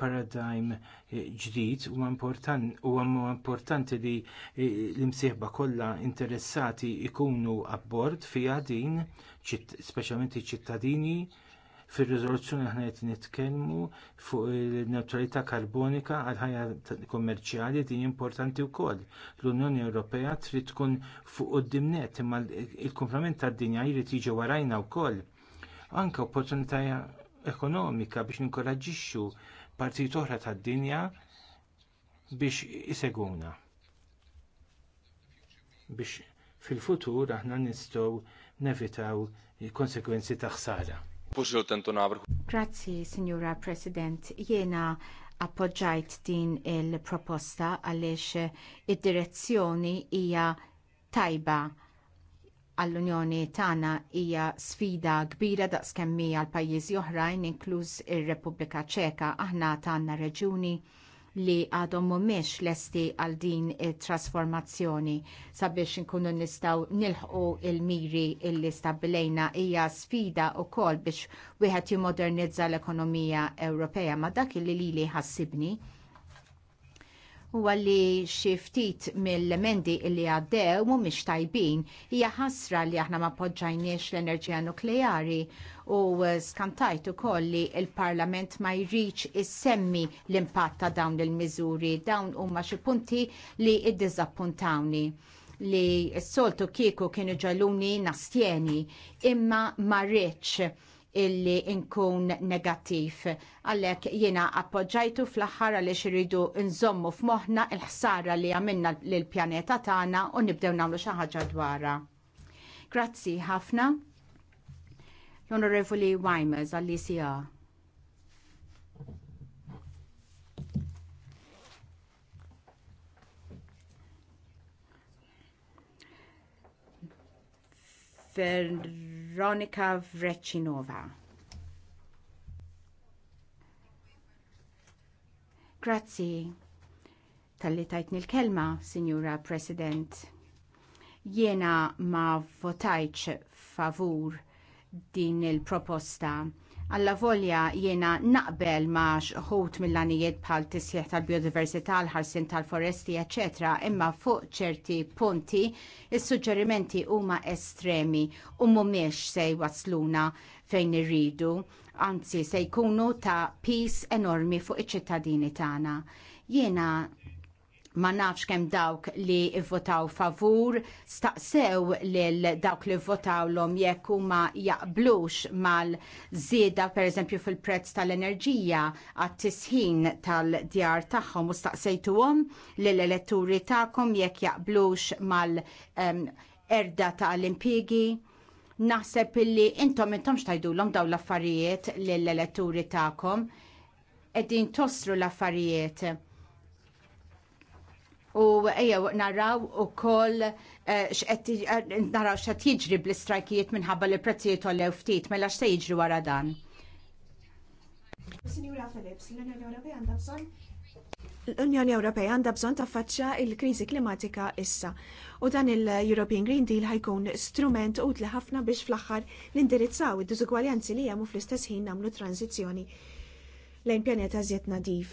paradigm eh, ġdid u huwa importanti li eh, l-imsieħba kollha interessati jkunu abbord fiha din, speċjalment i ċittadini fir-riżoluzzjoni aħna qed nitkellmu fuq il-neutralità karbonika għal ħajja kommerċjali din importanti wkoll. L-Unjoni Ewropea trid tkun fuq quddiem imma il-kumplament tad-dinja jrid jiġi warajna wkoll. Anke opportunitaja ekonomika biex ninkoraġġixxu partijiet oħra tad-dinja biex iseguna. Biex fil-futur aħna nistgħu nevitaw konsekwenzi ta' ħsara. Grazzi, Signora President. Jiena appoġġajt din il-proposta għaliex id-direzzjoni hija tajba għall-Unjoni tagħna hija sfida kbira daqskemm hija għal pajjiżi oħrajn inkluż ir-Repubblika Ċeka aħna tagħna reġuni li għadhom mhumiex lesti għal din it-trasformazzjoni sabiex inkunu nistgħu nilħqu l miri illi stabbilejna hija sfida wkoll biex wieħed jimmodernizza l-ekonomija Ewropea ma dak li li ħassibni huwa li xi ftit mill-emendi li għaddew mhumiex tajbin hija ħasra li aħna ma poġġajniex l-enerġija nukleari u skantajtu ukoll li l parlament ma jriċ issemmi l-impatt ta' dawn il-miżuri dawn huma xi punti li iddiżappuntawni li s-soltu kieku kienu ġaluni nastjeni imma ma rridx illi nkun negattiv. Għalhekk jiena appoġġajtu fl-aħħar għaliex iridu nżommu f'moħħna il ħsara li għamilna lill pjaneta tagħna u nibdew nagħmlu xi ħaġa dwarha. Grazzi ħafna. L-Onorevoli Wimers għall-ICA. Fer Veronika Vrecinova. Grazzi tal-li tajtni l-kelma, Signora President. Jiena ma votajċ favur din il-proposta Alla volja jiena naqbel ma xħut mill-għanijiet bħal tisjeħ tal-biodiversità, l-ħarsin tal-foresti, ecc. imma fuq ċerti punti il suġġerimenti huma estremi u mhumiex se jwasluna fejn irridu, anzi se jkunu ta' pis enormi fuq iċ-ċittadini tagħna. Jiena ma nafx kemm dawk li votaw favur staqsew lil dawk li votaw l-om jekk huma jaqblux mal-żieda pereżempju fil-prezz tal-enerġija għat tisħin tal-djar tagħhom u staqsejtuhom lill elettori tagħkom jekk jaqblux mal-erda ehm, l impjiegi naħseb illi intom intom xtajdulhom dawn l-affarijiet lill elettori tagħkom qegħdin tosru l-affarijiet u ejjew naraw ukoll eh, eh, naraw xa jiġri bl-istrajkijiet minħabba li prezzijiet l ftit mela x'se jiġri wara dan. l-Unjoni Ewropea għandha bżonn l-Unjoni Ewropea għandha bżonn taffaċċja l-kriżi klimatika issa. U dan il-European Green Deal ħajkun strument utli ħafna biex fl-aħħar nindirizzaw id-diżugwaljanzi li hemm fl-istess ħin nagħmlu tranzizjoni lejn pjaneta żjed nadif.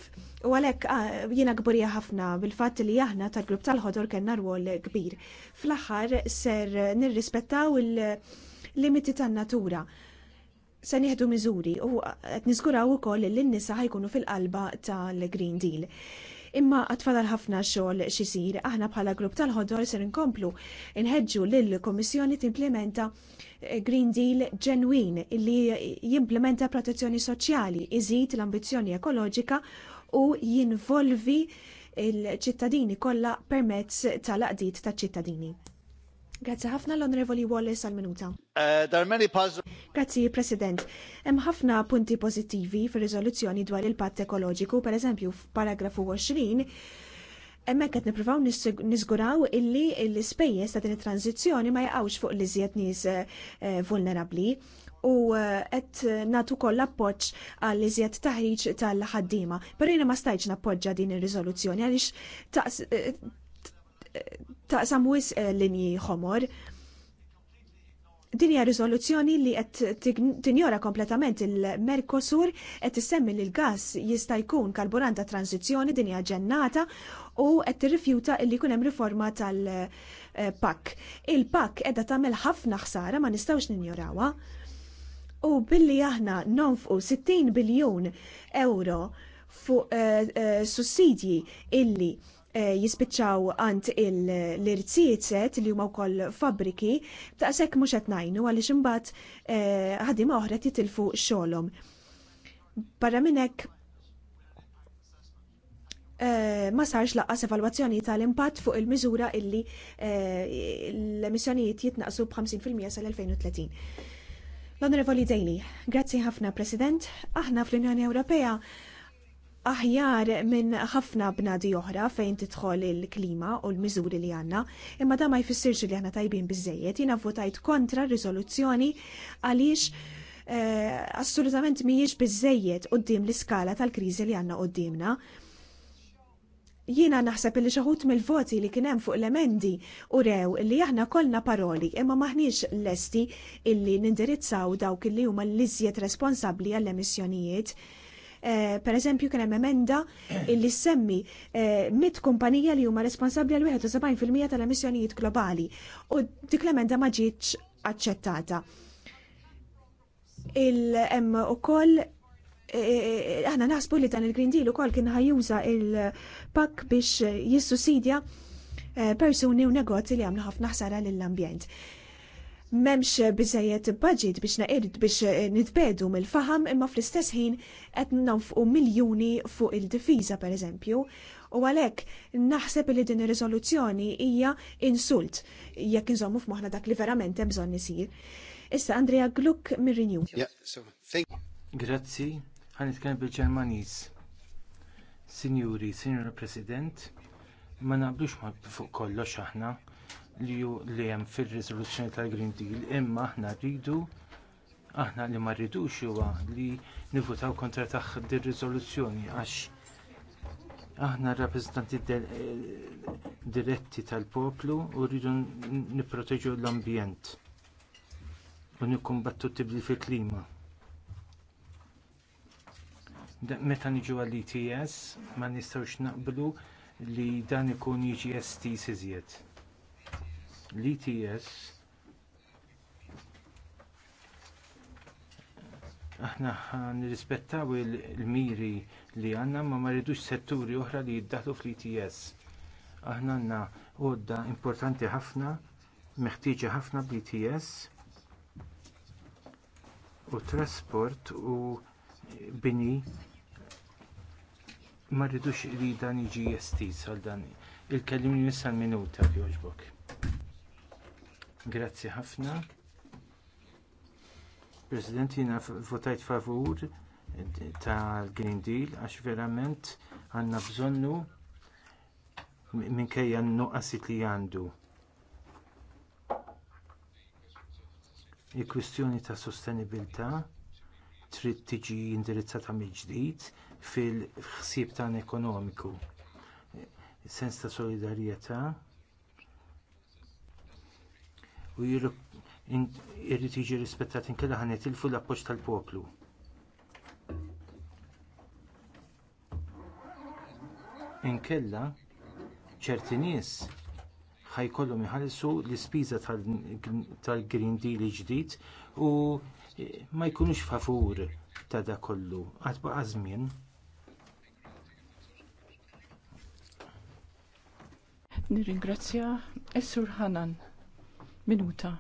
U għalhekk ah, jiena gburija ħafna bil-fatt li aħna tal-grupp tal-ħodor kellna rwol kbir. Fl-aħħar ser nirrispettaw il-limiti tan-natura se nieħdu miżuri u qed niżguraw ukoll li n-nisa ħajkunu fil-qalba tal-Green Deal imma l ħafna xogħol xisir. Aħna bħala grupp tal-ħodor ser inkomplu inħeġġu lill-Kommissjoni timplementa eh, Green Deal ġenwin li jimplementa protezzjoni soċjali, iżid l-ambizzjoni ekoloġika u jinvolvi il-ċittadini kollha permezz tal-qdiet taċ-ċittadini. Grazzi ħafna l-Onorevoli Wallace għal minuta. Uh, Grazzi, President. Hemm ħafna punti pozittivi fir-riżoluzzjoni dwar il-patt ekoloġiku, pereżempju f'paragrafu 20, Emmek qed nippruvaw niżguraw illi l-ispejjeż ta' din it-tranzizzjoni ma jaqgħux fuq l-iżjed nies eh, eh, vulnerabbli u eh, qed natu koll appoġġ għall iżjed taħriġ tal-ħaddiema. Però ma stajtx nappoġġa din ir-riżoluzzjoni għaliex taqsam wis eh, linji ħomor. Dinja rizoluzzjoni riżoluzzjoni li qed tinjora kompletament il-Mercosur qed issemmi li l-gass jista' jkun karburant ta' transizzjoni din ġennata u qed tirrifjuta li jkun hemm riforma tal-pak. Eh, Il-pak qiegħda tagħmel ħafna ħsara ma nistgħux ninjorawha. U billi aħna nonfqu 60 biljun euro fuq eh, sussidji illi Eh, jispiċċaw għant l-irtsijiet li huma wkoll fabbriki, taqsek mhux qed ngħinu għaliex imbagħad eh, ħaddiema oħra titilfu xogħolhom. Barra minn hekk eh, ma sarx laqqas evalwazzjoni tal-impatt fuq il-miżura illi l-emissjonijiet jitnaqsu b'50% sal-2030. L-Onorevoli Daily, grazzi ħafna President, aħna fl-Unjoni Ewropea aħjar minn ħafna bnadi oħra fejn tidħol il-klima u l-miżuri li għanna, imma da ma jfissirx li għanna tajbin bizzejiet, jina votajt kontra rizoluzzjoni għaliex eh, assolutament miex bizzejiet qoddim l-iskala tal-krizi li għanna qoddimna. Jiena naħseb li xaħut mill-voti li kienem fuq l-emendi u rew li aħna kollna paroli imma maħniex lesti illi nindirizzaw dawk illi huma l-iżjed responsabli għall-emissjonijiet Eh, per eżempju, kien hemm emenda li semmi eh, mit kumpanija li huma responsabbli għal 71% tal-emissjonijiet globali u dik l-emenda ma ġietx aċċettata. il u koll eh, aħna naħsbu li dan il-Green Deal ukoll kien ħajjuża il-pak biex jissussidja persuni u negozi li għamlu ħafna ħsara lill-ambjent memx bizzejiet budget biex naqirid biex eh, nitbedu mill-faham imma fl-istess ħin qed nafqu miljuni fuq il-difiża pereżempju. U għalhekk naħseb li din ir-riżoluzzjoni hija insult jekk inżommu f'moħħna dak li verament hemm bżonn isir. Issa Andrea Gluck mir-Renew. Grazzi, ħan nitkellem bil-Ġermaniż. Sinjuri, Sinjura President, ma naqblux ma fuq kollox aħna li hemm fir-riżoluzzjoni tal-Green Deal imma aħna rridu aħna li ma rridux huwa li nivutaw kontra taħ dir riżoluzzjoni għax aħna rappresentanti diretti tal-poplu u rridu nipproteġu l-ambjent u nikkumbattu tibdil fil-klima. Meta niġu għall-ETS ma nistgħux naqblu li dan ikun jiġi ST iżjed l-ETS aħna nirrispettaw il-miri li għandna ma ma rridux setturi oħra li jiddatu fl-ETS. Aħna għandna għodda importanti ħafna, meħtieġa ħafna bl-ETS u trasport u bini ma rridux li dan jiġi jestis għal dan. Il-kellimni nissa minuta jogħġbok. Grazzi ħafna. President, jina votajt favur tal-Green Deal għax verament għanna bżonnu minkejja n-nuqqasit li għandu. il-kwistjoni ta' sostenibilità trid tiġi indirizzata mill-ġdid fil-ħsieb tan ekonomiku. Sens ta' solidarjetà u jrid jiġi rispettat inkella ħan nitilfu l-appoġġ tal-poplu. Inkella ċerti nies ħajkollhom iħallsu l-ispiża tal-Green Deal ġdid u eh, ma jkunux favur ta' da kollu. Għad baqa' żmien. Nirringrazzja Essur Hanan. Minuta.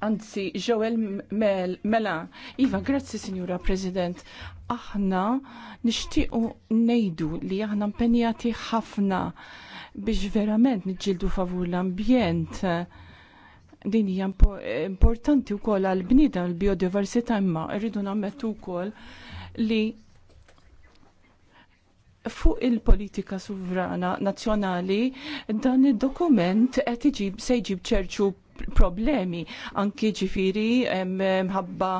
Anzi, Joel Mel, Mela, Iva, grazzi Signora President. Aħna nixtiequ nejdu li aħna mpenjati ħafna biex verament niġġieldu favur l-ambjent. Din hija importanti wkoll għall bnida l-biodiversità imma rridu nammettu wkoll li fuq il-politika sovrana nazzjonali dan id-dokument qed iġib se jġib ċerċu problemi anki ġifiri mħabba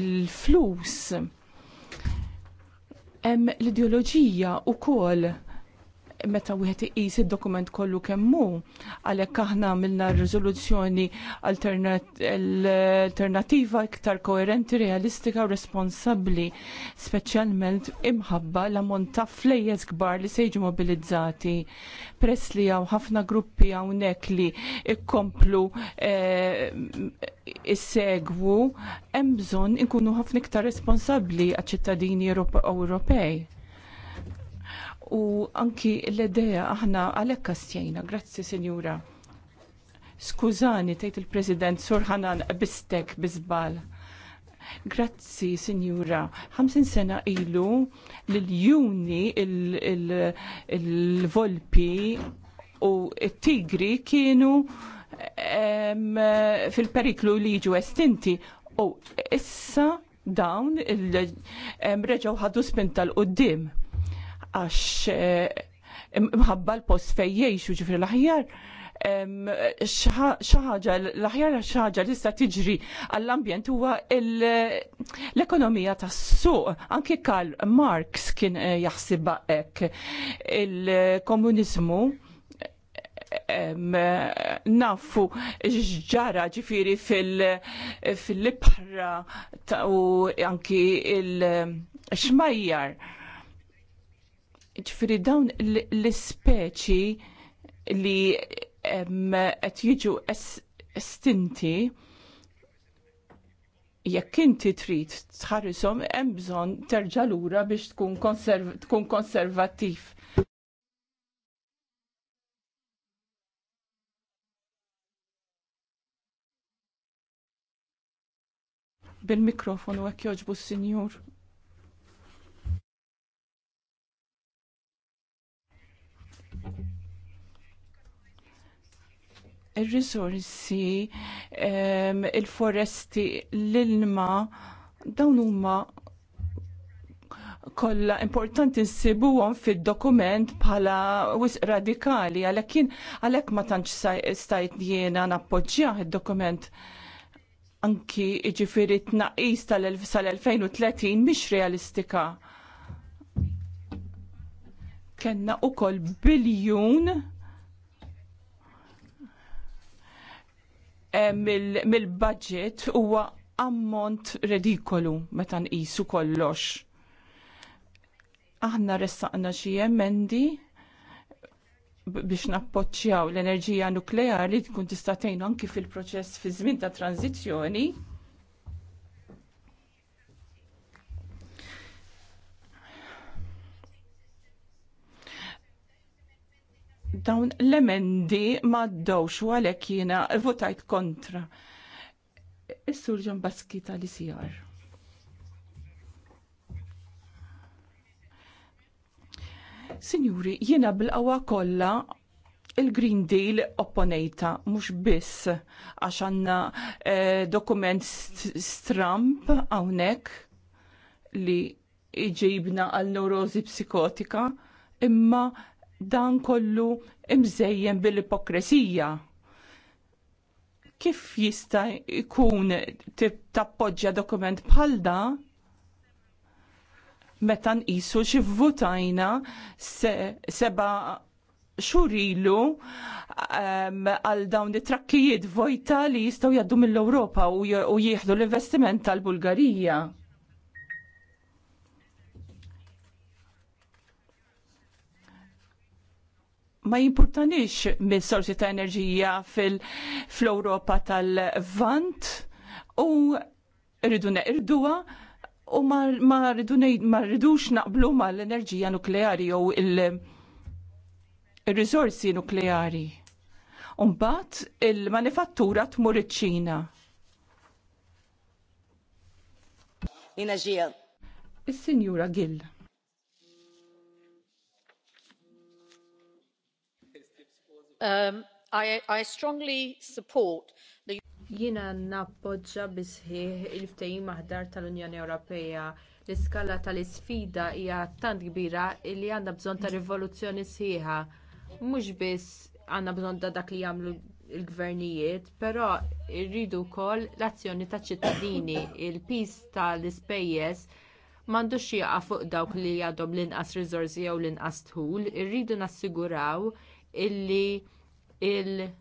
il-flus. Hemm l-ideoloġija u kol meta wieħed iqis id-dokument kollu kemm hu, għalhekk aħna għamilna riżoluzzjoni alternattiva iktar koerenti, realistika u responsabbli, speċjalment imħabba l-ammont ta' flejjes kbar li se jiġu mobilizzati. Press li hawn ħafna gruppi hawnhekk li ikkomplu eh, issegwu hemm bżonn inkunu ħafna iktar responsabbli għaċ-ċittadini Ewropej u anki l edeja aħna għalhekk kastjajna, grazzi Sinjura. Skużani tgħid il-President Surħanan bistek bizbal. Grazzi, Sinjura. 50 sena ilu l-juni il-volpi u t-tigri kienu fil-periklu li jiġu estinti u issa dawn il-reġaw ħaddu spinta l-qoddim għax eh, mħabba l-post fej u ġifri l-aħjar xaħġa, l-aħjar xaħġa li sta tiġri għall-ambjent huwa l-ekonomija tas-suq. Anki Karl Marx kien eh, jaħsib hekk il-komuniżmu nafu ġara ġifiri fil-libħra u anki il-xmajjar ġifiri dawn l-speċi li qed jiġu estinti jekk inti trid tħarrisom hemm bżonn terġa' lura biex tkun tkun konservattiv. Bil-mikrofonu hekk joġbu s-sinjur. il-risorsi, il-foresti, l-ilma, dawn huma kolla importanti nsibuhom fid-dokument bħala wisq radikali għalhekk jien għalhekk ma tantx stajt jiena nappoġġjah id-dokument anki jiġifieri tnaqqis tal-2030 mhix realistika. Kenna wkoll biljun Eh, mill-budget huwa ammont redikolu meta nqisu kollox. Aħna ressaqna xi emendi biex nappoċċjaw l-enerġija nukleari tkun tista' tgħin anki fil-proċess fi żmien ta' tranzizzjoni dawn l-emendi d-dawx u għalhekk jiena votajt kontra. Is-sur Ġon Baski tal-ICR. Sinjuri, jiena bil-qawa kollha il-Green Deal opponejta, mhux biss għax għandna eh, dokument stramp hawnhekk li iġibna għal neurozi psikotika, imma dan kollu imżejjen bil-ipokresija. Kif jista' jkun tappoġġja dokument bħal da meta nqisu xi vvutajna se, seba' ilu ehm, għal um, dawn it-trakkijiet vojta li jistgħu jgħaddu mill-Ewropa u jieħdu l-investiment tal-Bulgarija. ma jimportanix mis-sorsi ta' enerġija fil-Europa tal-Vant u rridu neqirduha u ma rridux naqblu ma l-enerġija nukleari jew il-risorsi nukleari. Umbat il-manifattura tmur iċ-Ċina. Inaġija. Is-Sinjura Gill. um, I, strongly support the Jiena nappoġġa bisħieħ il-ftehim aħdar tal-Unjoni Ewropea. L-iskala tal-isfida hija tant kbira li għandha bżonn ta' rivoluzzjoni sħiħa. Mhux biss għandna bżonn ta' dak li jagħmlu l-gvernijiet, però rridu wkoll l-azzjoni taċ ċittadini, il-pis tal-ispejjeż m'għandux xieqa fuq dawk li għadhom l-inqas riżorsi jew l-inqas tħul, irridu nassiguraw illi il-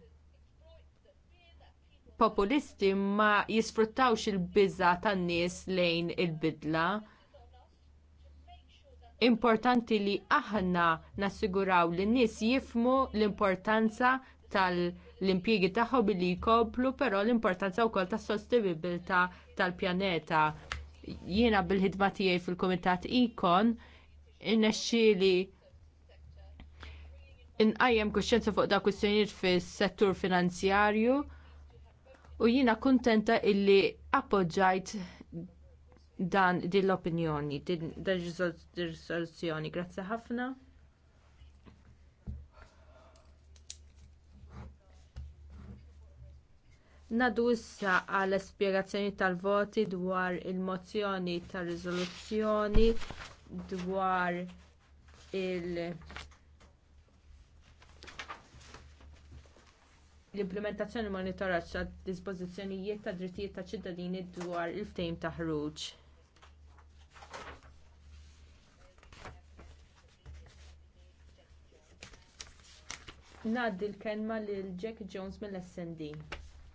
populisti ma jisfruttawx il-bizza tan-nies lejn il-bidla. Importanti li aħna nassiguraw li nies jifmu l-importanza tal-impjiegi tagħhom billi jkomplu, però l-importanza wkoll tas-sostenibilità tal-pjaneta. Jiena bil-ħidma tiegħi fil-Kumitat Ikon innexxieli inqajjem kuxċenza fuq dak kwistjonijiet fis-settur finanzjarju u jiena kuntenta illi appoġġajt dan din l-opinjoni, din risoluzzjoni. Grazzi ħafna. Nadu issa għal espjegazzjoni tal-voti dwar il-mozzjoni tal-riżoluzzjoni dwar il-, -mozzjoni, tal riżoluzzjoni dwar il l-implementazzjoni monitoraġġ tad dispożizzjonijiet ta' drittijiet ta' ċittadini dwar il-ftehim ta' ħruġ. Ngħaddi l-kelma lil Jack Jones mill-SND.